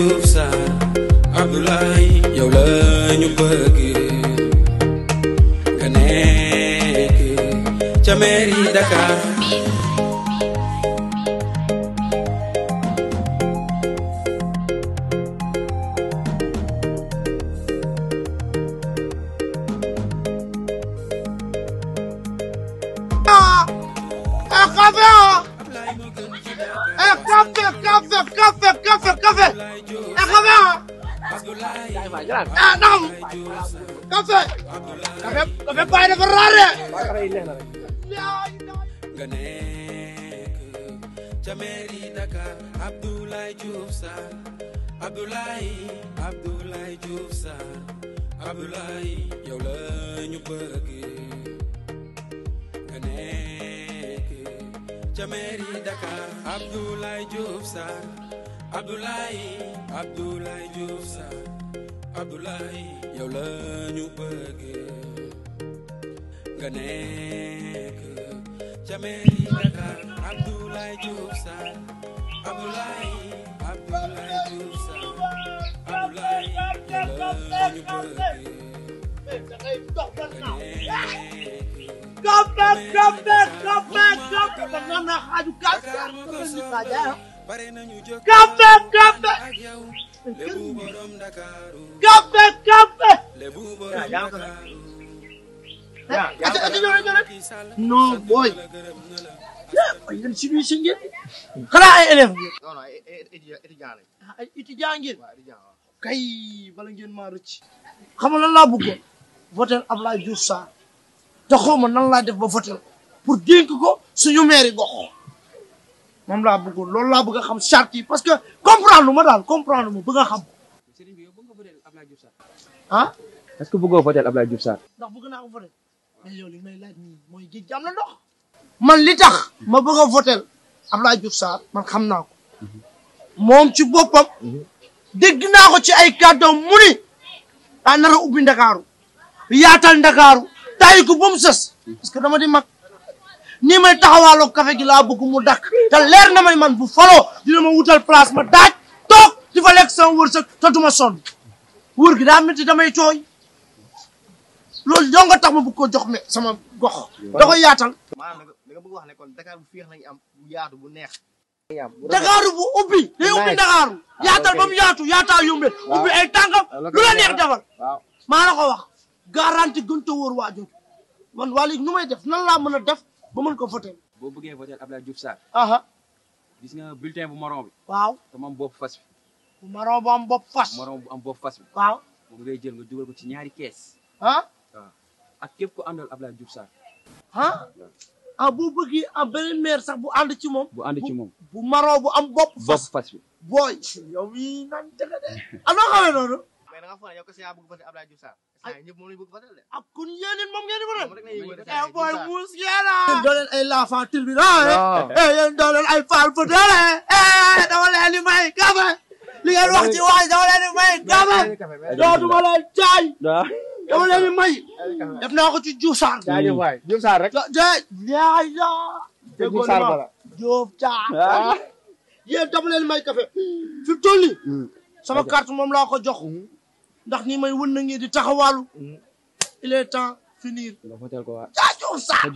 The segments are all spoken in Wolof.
Diouf Sarr Abdoulaye yow la ñu bëgg nga nekk ca mairie Dakar ah ah café ah, ah eh café café café café ca mairie Dakar Abdoulaye Diouf Sarr Abdoulaye Abdoulaye Diouf ca mairie Dakar Abdoulaye Diouf Abdoulaye Abdoulaye Diouf Sarr Abdoulaye yow la ñu bëgg nga nekk ca mairie Dakar Abdoulaye Diouf Sarr Abdoulaye Abdoulaye Diouf Sarr Abdoulaye yow la ñu bëgg nga nekk Gop gop gop gop gop gop kafe kafe kafe kafe. ah non booy. yéen si biir si ngeen. xanaa ay élèves. ngeen. kay bala ngeen maa rëcc. xam nga lan laa bëggoon. votel Abdoulaye Diouf Sarr. ma nan laa def ba votel pour dénk ko suñu maire moom laa bëggoon loolu laa bëgg a xam charte yi parce que comprendre lu ma daal comprendre mu bëgg a xam. ah. est-ce que bëggoo voté Abdoulaye Diouf Sarr. ndax bëgg naa ko voté mais mooy géej gi man li tax ma bëgg a voté Abdoulaye Diouf Sarr man xam naa ko moom ci boppam dégg naa ko ci ay kàddoom mu ni daa nar ubbi Ndakaaru yaatal Ndakaaru taayi ko ba mu sës parce que dama di nii may taxawaaloo kafe gi laa bëgg mu dakk te leer na may man bu faloo dina ma wutal place ma daaj toog di fa lekk sama wërsëg te duma son wër gi daa métti damay tooy loolu yow tax ma bëgg jox me sama gox da koy yaatal maanaam wax ne kon Dakar bu féex nañu am bu bu neex Dakaaru bu ubbi day ubbi Dakaaru ah, yaatal ba mu yaatu yaataa yumbe ubbi ay tànkam ah, lu la neex defal maa la ko wax garanti gën te wóor waajur man waa léegi nu may def nan laa mën a def ba mën ko voté. boo bëggee voté Abdoulaye Diouf Sarr. gis nga bulletin bu marron bi. waaw te mu bopp fas bi. bu marron bu am bopp fas. bi. waaw ci ñaari kees. ah boo bëggee am bu ah, ci moom. ànd ci moom bu marron bu am bopp fas. bi booy. yow mii naan dëgg de. ah noonu. mais da nga foog ne yow kese yaa bëgg voté Abdoulaye Diouf Sarr. ay ñëpp moom lañ bëgg fasal de. ah kon yéen it moom ngeen di bëgg. moom rek eh booy muus yéen a. yéen doo leen ay laafaa tur bi daa eh. yéen doo leen ay faal fa doole eh dama leen di may kafe. li ngeen wax ci wax dama leen di may kafe. dootuma leen jaay. dama leen di may. def naa ko ci Diouf Sarr. jaajëf waay Diouf Sarr rek. jaajëf. Diouf Sarr bala Diouf Sarr. yéen dama leen may kafe. fi mu toll nii. sama carte moom laa ko jox. ndax ni may wën na ngeen di taxawaalu il est temps finir jaajëf Sarr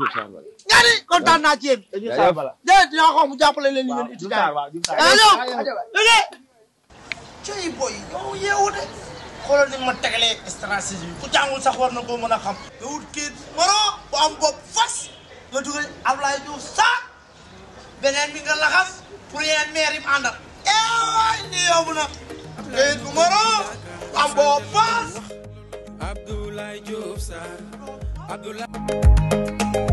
nga ni kontaan naa ci yéen déedéet dinaa mu jàppale leen ni ni ma tegalee stratégie bi ku sax war mën a xam nga wut kii maro bu am fas nga dugal Ablaye Diouf Sarr beneen bi nga laxas pour yeneen maire yi àndal eewaay eh ni na kayit bu maro am boo paas Abdoulaye Diouf Sarr Abdoulaye